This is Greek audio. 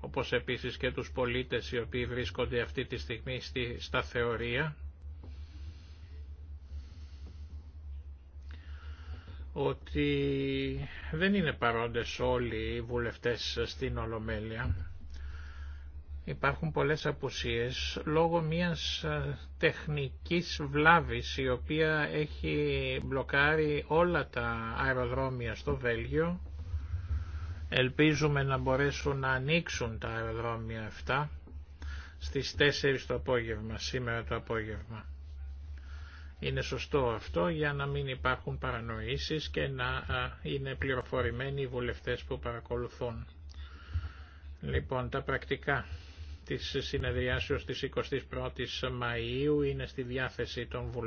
όπως επίσης και τους πολίτες οι οποίοι βρίσκονται αυτή τη στιγμή στα θεωρία, ότι δεν είναι παρόντες όλοι οι βουλευτές στην Ολομέλεια. Υπάρχουν πολλές απουσίες λόγω μιας ε, τεχνικής βλάβης η οποία έχει μπλοκάρει όλα τα αεροδρόμια στο Βέλγιο Ελπίζουμε να μπορέσουν να ανοίξουν τα αεροδρόμια αυτά στις 4 το απόγευμα, σήμερα το απόγευμα. Είναι σωστό αυτό για να μην υπάρχουν παρανοήσεις και να είναι πληροφορημένοι οι βουλευτές που παρακολουθούν. Λοιπόν, τα πρακτικά της συνεδριάσεως της 21ης Μαΐου είναι στη διάθεση των βουλευτών.